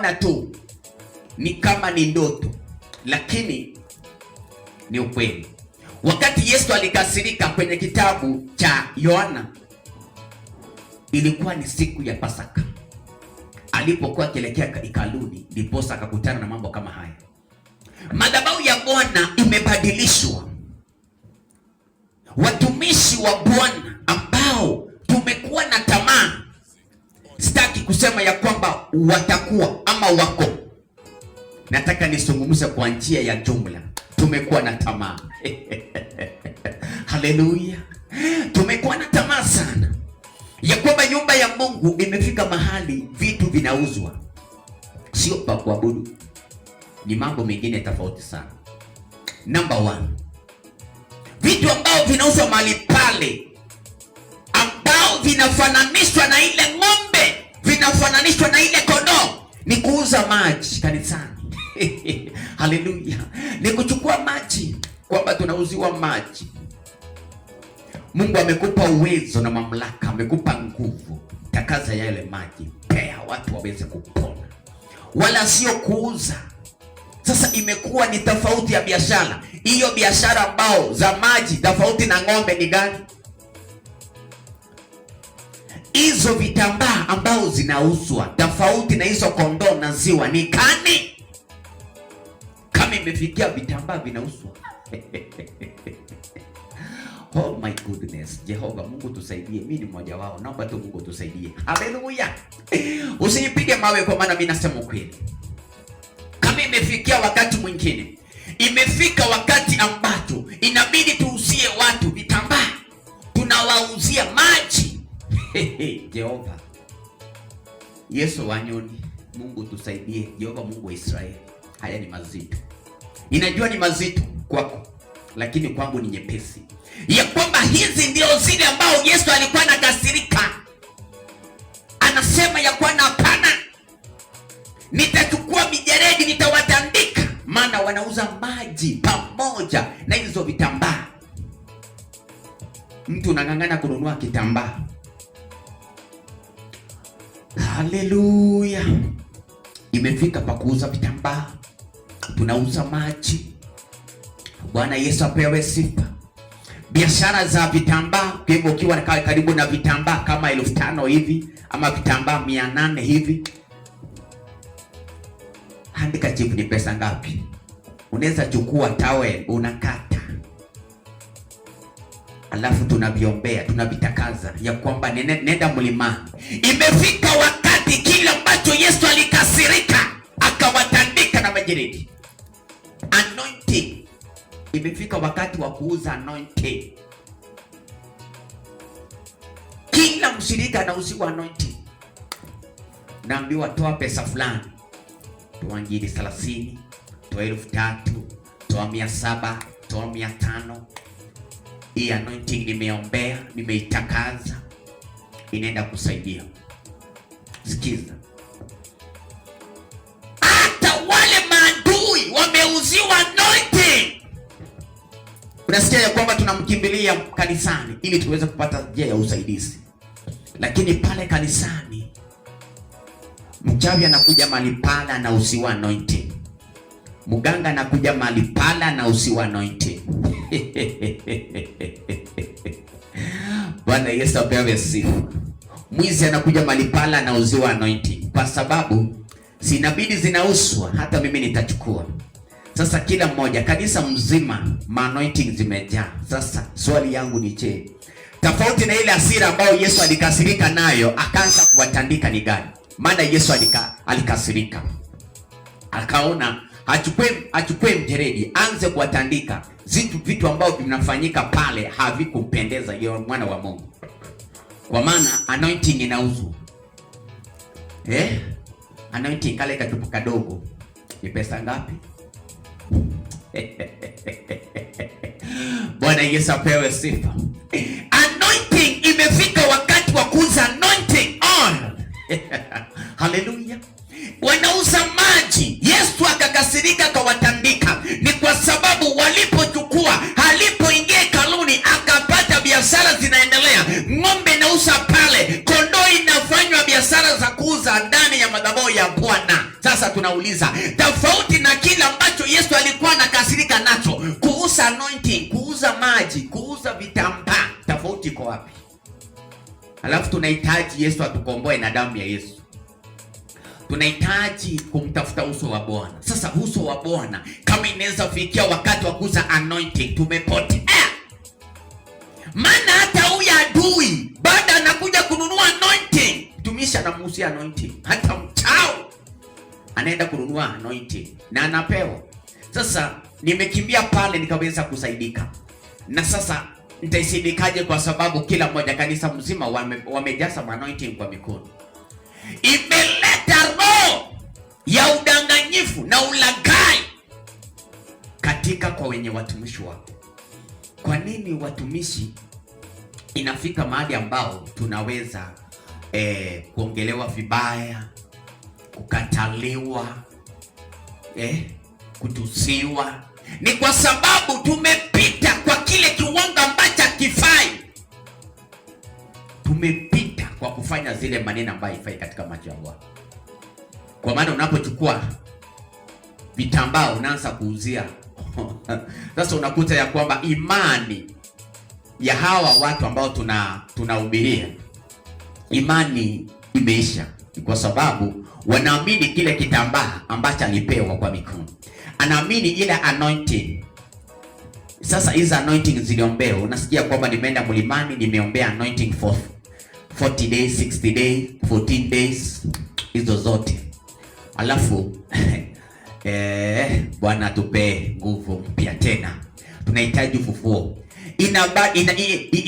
na tu ni kama ni ndoto, lakini ni ukweli. Wakati Yesu alikasirika kwenye kitabu cha Yohana, ilikuwa ni siku ya Pasaka alipokuwa akielekea ikaluni, ndiposa akakutana na mambo kama haya. Madhabahu ya Bwana imebadilishwa. Watumishi wa Bwana ambao tumekuwa na tamaa, sitaki kusema ya kwamba watakuwa kama wako, nataka nisungumze kwa njia ya jumla. Tumekuwa na tamaa haleluya, tumekuwa na tamaa sana ya kwamba nyumba ya Mungu imefika mahali vitu vinauzwa, sio pa kuabudu, ni mambo mengine tofauti sana. Number one, vitu ambao vinauzwa mahali pale ambao vinafananishwa na ile ng'ombe, vinafananishwa na ile kondoo ni kuuza maji kanisani haleluya, ni kuchukua maji, kwamba tunauziwa maji. Mungu amekupa uwezo na mamlaka, amekupa nguvu. Takaza yale maji, pea watu waweze kupona, wala sio kuuza. Sasa imekuwa ni tofauti ya biashara. Hiyo biashara ambao za maji tofauti na ng'ombe ni gani? hizo vitambaa ambao zinauzwa tofauti na hizo kondoo na ziwa ni kani? Kama imefikia vitambaa vinauzwa Oh my goodness, Jehova Mungu tusaidie. Mimi ni mmoja wao, naomba tu Mungu tusaidie. Haleluya! Usipige mawe, kwa maana mimi nasema ukweli. Kama imefikia wakati mwingine, imefika wakati ambacho inabidi tuuzie watu vitambaa, tunawauzia maji Jehova Yesu wanyoni, Mungu tusaidie. Jehova Mungu wa Israeli, haya ni mazito, inajua ni mazito kwako, lakini kwangu ni nyepesi, ya kwamba hizi ndio zile ambao Yesu alikuwa anakasirika, anasema ya kwana, hapana, nitachukua mijeredi nitawatandika, maana wanauza maji pamoja na hizo vitambaa. Mtu unang'ang'ana kununua kitambaa Haleluya! Imefika pa kuuza vitambaa, tunauza maji. Bwana Yesu apewe sifa. Biashara za vitambaa, kwa hivyo ukiwa karibu na vitambaa kama elfu tano hivi ama vitambaa mia nane hivi, andika chifu, ni pesa ngapi? Unaweza chukua tawe unakata, alafu tunaviombea tunavitakaza ya kwamba nenda mlimani, imefika wakati hadi kile ambacho Yesu alikasirika akawatandika na majeredi. Anointing imefika, wakati wa kuuza anointing. Kila mshirika anauziwa anointing, naambiwa toa pesa fulani, toa ngiri 30, toa elfu tatu, toa mia saba, toa mia tano. Hii anointing nimeombea, nimeitakaza, inaenda kusaidia Sikiza, hata wale maadui wameuziwa anointing. Unasikia ya kwamba tunamkimbilia kanisani ili tuweze kupata njia ya usaidizi, lakini pale kanisani mchawi anakuja mahali pala na usiwa anointing, mganga anakuja mahali na usiwa anointing. Bwana Yesu apewe sifa mwizi anakuja pala na uziwa anointing, kwa sababu sinabidi zinauswa, hata mimi nitachukua. Sasa kila mmoja, kanisa mzima anointing zimejaa. Sasa swali yangu ni je, tofauti na ile hasira ambayo Yesu alikasirika nayo akaanza kuwatandika ni gani? Maana Yesu alika, alikasirika akaona achukue achukue mjeredi anze kuwatandika zitu vitu ambavyo vinafanyika pale havikumpendeza yeye mwana wa Mungu. Kwa maana anointing inauzwa eh? Anointing kale kachupa kadogo ni pesa ngapi? Bwana Yesu apewe sifa. anointing, kuuza maji, kuuza vitambaa, tofauti iko wapi? Alafu tunahitaji Yesu atukomboe na damu ya Yesu tunahitaji kumtafuta uso wa Bwana. Sasa uso wa Bwana kama inaweza fikia wakati wa kuuza anointing, tumepotea. Maana hata huyu adui baada anakuja kununua anointing, mtumisha anamuuzia anointing, hata mchao anaenda kununua anointing na anapewa sasa nimekimbia pale nikaweza kusaidika, na sasa nitaisindikaje? Kwa sababu kila mmoja kanisa mzima wame, wamejaza anointing kwa mikono. Imeleta roho ya udanganyifu na ulagai katika kwa wenye watumishi wako. Kwa nini watumishi inafika mahali ambao tunaweza eh, kuongelewa vibaya, kukataliwa eh, kutusiwa ni kwa sababu tumepita kwa kile kiwango ambacho kifai. Tumepita kwa kufanya zile maneno ambayo haifai katika macho ya Bwana. Kwa maana unapochukua vitambaa unaanza kuuzia sasa unakuta ya kwamba imani ya hawa watu ambao tuna tunahubiria imani imeisha, kwa sababu wanaamini kile kitambaa ambacho alipewa kwa mikono anaamini ile anointing. Sasa hizi anointing ziliombea, unasikia kwamba nimeenda mlimani, nimeombea anointing for 40 days, 60 days, 14 days, hizo zote alafu eh, Bwana tupe nguvu mpya tena, tunahitaji ufufuo.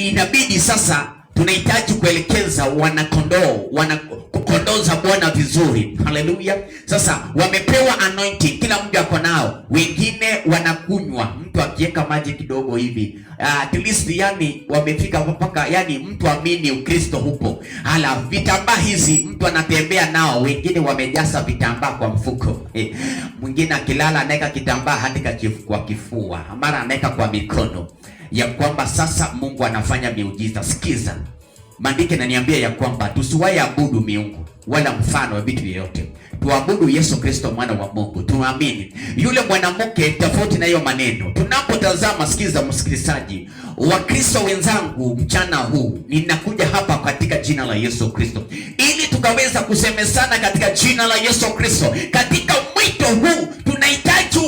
Inabidi sasa tunahitaji kuelekeza wanakondoo wana kondoo za Bwana vizuri. Haleluya! Sasa wamepewa anointing, kila mtu ako nao, wengine wanakunywa, mtu akiweka maji kidogo hivi ah, at least, yani wamefika mpaka, yani mtu amini Ukristo hupo. Hala, vitambaa hizi mtu anatembea nao, wengine wamejaza vitambaa kwa mfuko eh, Mwingine akilala anaweka kitambaa hadi kwa kifua, mara anaweka kwa mikono ya kwamba sasa Mungu anafanya miujiza. Sikiza, maandiko naniambia ya kwamba tusiwahi abudu miungu wala mfano wa vitu vyote, tuabudu Yesu Kristo mwana wa Mungu. Tuamini yule mwanamke, tofauti na hiyo maneno tunapotazama. Sikiza msikilizaji, Wakristo wenzangu, mchana huu ninakuja hapa katika jina la Yesu Kristo ili tukaweza kusemesana katika jina la Yesu Kristo. Katika mwito huu tunahitaji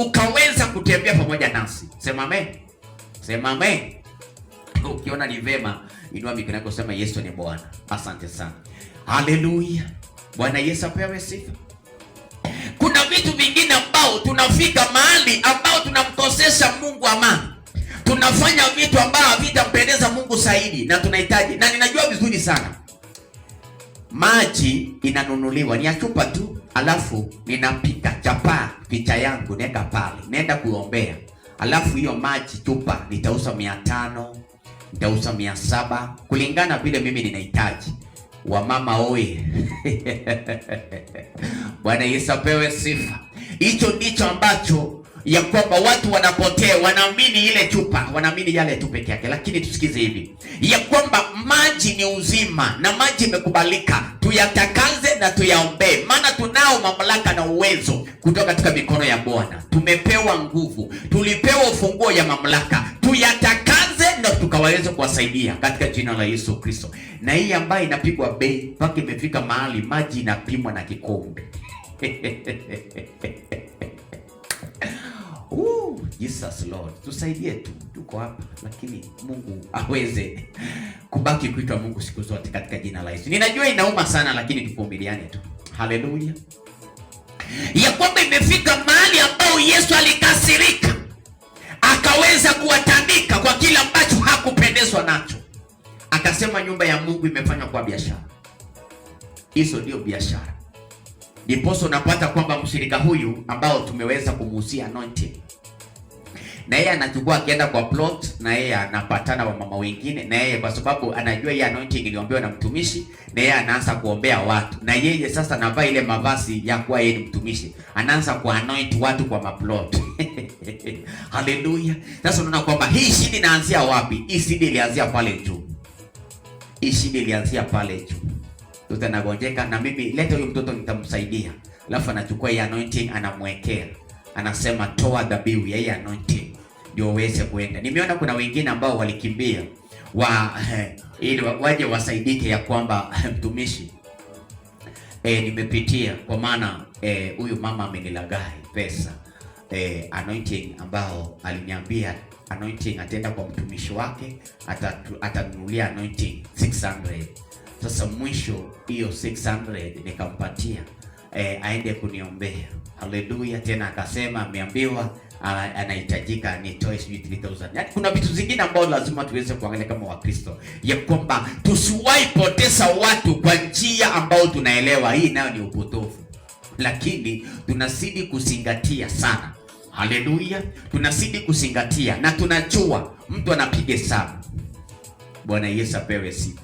ukaweza kutembea pamoja nasi. Sema amen. Sema amen. Ukiona ni vema, inua mikono yako sema Yesu ni Bwana. Asante sana. Haleluya. Bwana Yesu apewe sifa. Kuna vitu vingine ambao tunafika mahali ambao tunamkosesha Mungu amani. Tunafanya vitu ambao havitampendeza Mungu zaidi na tunahitaji. Na ninajua vizuri sana maji inanunuliwa ni ya chupa tu, alafu ninapita chapaa picha yangu, nenda pale, nenda kuombea, alafu hiyo maji chupa nitauza mia tano nitauza mia saba kulingana vile mimi ninahitaji. Wamama oye! Bwana Yesu apewe sifa. Hicho ndicho ambacho ya kwamba watu wanapotea, wanaamini ile chupa, wanaamini yale tu peke yake. Lakini tusikize hivi ya kwamba maji ni uzima na maji imekubalika, tuyatakaze na tuyaombee, maana tunao mamlaka na uwezo kutoka katika mikono ya Bwana. Tumepewa nguvu, tulipewa ufunguo ya mamlaka, tuyatakaze na tukawaweza kuwasaidia katika jina la Yesu Kristo. Na hii ambayo inapigwa bei mpaka imefika mahali maji inapimwa na kikombe Woo, Jesus Lord, tusaidie tu, tuko hapa lakini Mungu aweze kubaki kuitwa Mungu siku zote katika jina la Yesu. Ninajua inauma sana, lakini tuvumiliane tu. Haleluya, ya kwamba imefika mahali ambao Yesu alikasirika akaweza kuwatandika kwa kile ambacho hakupendezwa nacho, akasema nyumba ya Mungu imefanywa kwa biashara. Hizo ndio biashara Ndiposa unapata kwamba mshirika huyu ambao tumeweza kumuhusia anointing na yeye anachukua akienda kwa plot, na yeye anapatana wamama wengine, na yeye kwa sababu anajua hii anointing iliombewa na mtumishi, na yeye anaanza kuombea watu, na yeye sasa anavaa ile mavazi ya kuwa yeye ni mtumishi, anaanza anoint watu kwa maplot Haleluya! Sasa unaona kwamba hii shida inaanzia wapi? Hii shida ilianzia pale juu, hii shida ilianzia pale juu tutanagonjeka na mimi, leta huyu mtoto nitamsaidia. Alafu anachukua hii anointing anamwekea, anasema toa dhabihu ya hii anointing ndio uweze kuenda. Nimeona kuna wengine ambao walikimbia wa eh, ili waje wasaidike ya kwamba eh, mtumishi, eh, nimepitia kwa maana eh, huyu mama amenilagai pesa eh, anointing ambao aliniambia anointing ataenda kwa mtumishi wake atanunulia anointing 600 sasa mwisho hiyo 600 nikampatia eh, aende kuniombea haleluya. Tena akasema ameambiwa anahitajika nitoe sijui 3000. Yaani kuna vitu zingine ambazo lazima tuweze kuangalia kama Wakristo ya kwamba tusiwahi poteza watu kwa njia ambayo tunaelewa hii nayo ni upotofu, lakini tunazidi kuzingatia sana. Haleluya, tunazidi kuzingatia na tunajua mtu anapiga hesabu. Bwana Yesu apewe sifa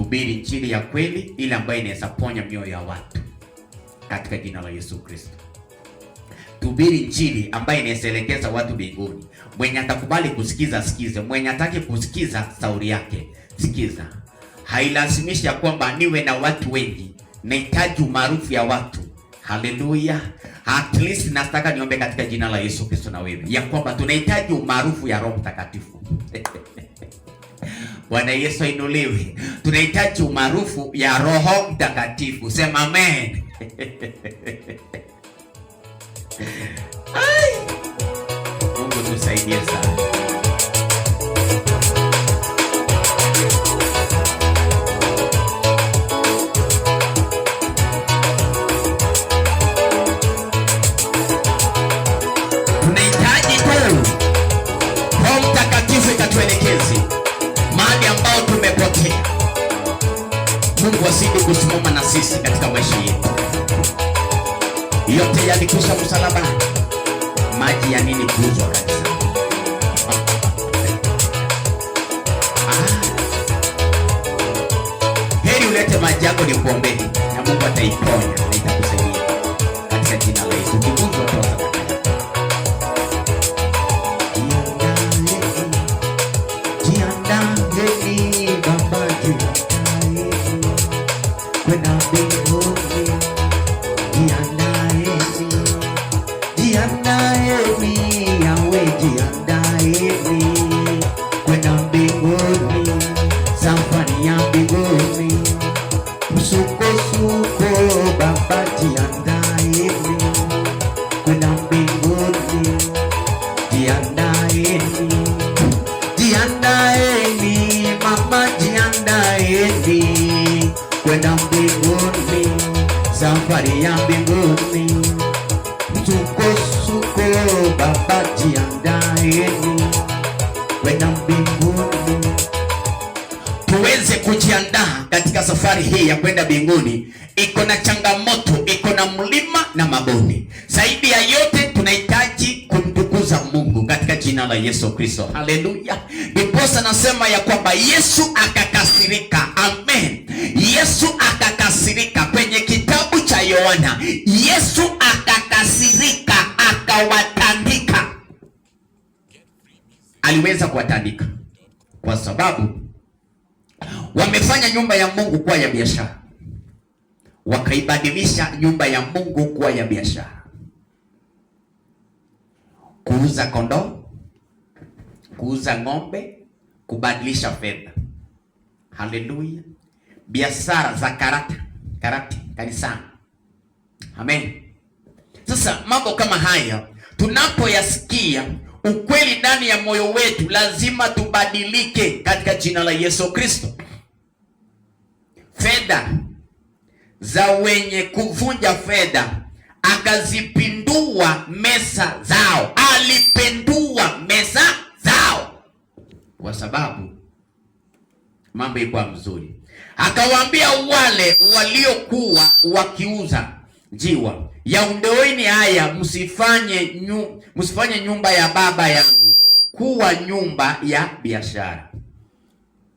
kuhubiri injili ya kweli, ile ambayo inaweza ponya mioyo ya watu katika jina la Yesu Kristo. Tuhubiri injili ambayo inaelekeza watu mbinguni. Mwenye atakubali kusikiza sikize, mwenye atake kusikiza sauri yake sikiza. Hailazimishi ya kwamba niwe na watu wengi, nahitaji umaarufu ya watu. Haleluya! At least nataka niombe katika jina la Yesu Kristo na wewe ya kwamba tunahitaji umaarufu ya Roho Mtakatifu Bwana Yesu ainuliwe. Tunahitaji umaarufu ya Roho Mtakatifu, sema amen. Mungu tusaidie sana. yako ni kuombea, na Mungu ataiponya na itakusaidia katika jina la Yesu. Tukifunzwa kutoka Jiandaeni kwenda mbinguni, safari ya mbinguni. safari hii ya kwenda mbinguni iko na changamoto, iko na mlima na maboni Zaidi ya yote tunahitaji kumtukuza Mungu katika jina la Yesu Kristo, haleluya. Biposa nasema ya kwamba Yesu akakasirika, amen. Yesu akakasirika kwenye kitabu cha Yohana, Yesu akakasirika, akawatandika. Aliweza kuwatandika kwa sababu Wamefanya nyumba ya Mungu kuwa ya biashara, wakaibadilisha nyumba ya Mungu kuwa ya biashara, kuuza kondoo, kuuza ng'ombe, kubadilisha fedha. Haleluya! biashara za karata karata kanisani. Amen. Sasa mambo kama haya tunapoyasikia ukweli ndani ya moyo wetu, lazima tubadilike katika jina la Yesu Kristo. Fedha za wenye kuvunja fedha akazipindua meza zao, alipindua meza zao kwa sababu mambo ilikuwa mzuri. Akawaambia wale waliokuwa wakiuza njiwa yaondoeni haya, msifanye nyu, msifanye nyumba ya baba yangu kuwa nyumba ya biashara.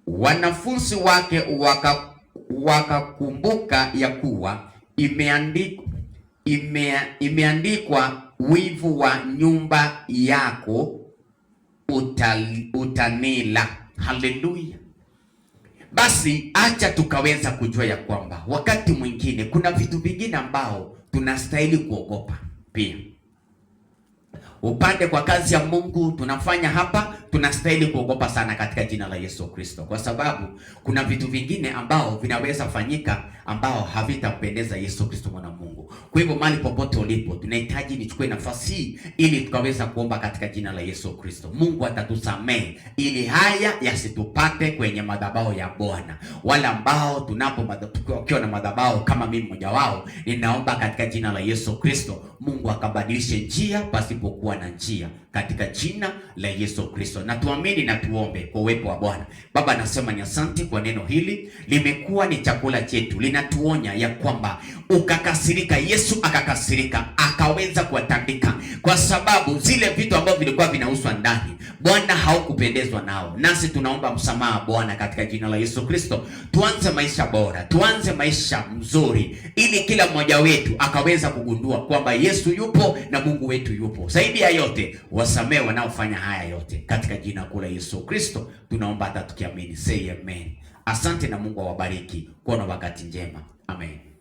Wanafunzi wake wakakumbuka waka ya kuwa imeandikwa ime, imeandikwa wivu wa nyumba yako utanila. Haleluya! Basi acha tukaweza kujua ya kwamba wakati mwingine kuna vitu vingine ambao tunastahili kuogopa pia. Upande kwa kazi ya Mungu tunafanya hapa, tunastahili kuogopa sana katika jina la Yesu Kristo, kwa sababu kuna vitu vingine ambao vinaweza fanyika ambao havitampendeza Yesu Kristo mwana kwa hivyo mali popote ulipo, tunahitaji nichukue nafasi hii ili tukaweza kuomba katika jina la Yesu Kristo. Mungu atatusamehe ili haya yasitupate kwenye madhabahu ya Bwana. Wala ambao tunapo tukiwa na madhabahu kama mimi mmoja wao, ninaomba katika jina la Yesu Kristo, Mungu akabadilishe njia pasipokuwa na njia katika jina la Yesu Kristo. Na tuamini na tuombe kwa uwepo wa Bwana. Baba, nasema ni asante kwa neno hili, limekuwa ni chakula chetu, linatuonya ya kwamba ukakasirika Yesu Yesu akakasirika, akaweza kuwatandika kwa sababu zile vitu ambavyo vilikuwa vinauswa ndani, Bwana haukupendezwa nao. Nasi tunaomba msamaha Bwana, katika jina la Yesu Kristo. Tuanze maisha bora, tuanze maisha mzuri, ili kila mmoja wetu akaweza kugundua kwamba Yesu yupo na Mungu wetu yupo. Zaidi ya yote, wasamee wanaofanya haya yote, katika jina kula la Yesu Kristo tunaomba hata tukiamini. Say amen. Asante na Mungu awabariki. Kuwa na wakati njema, amen.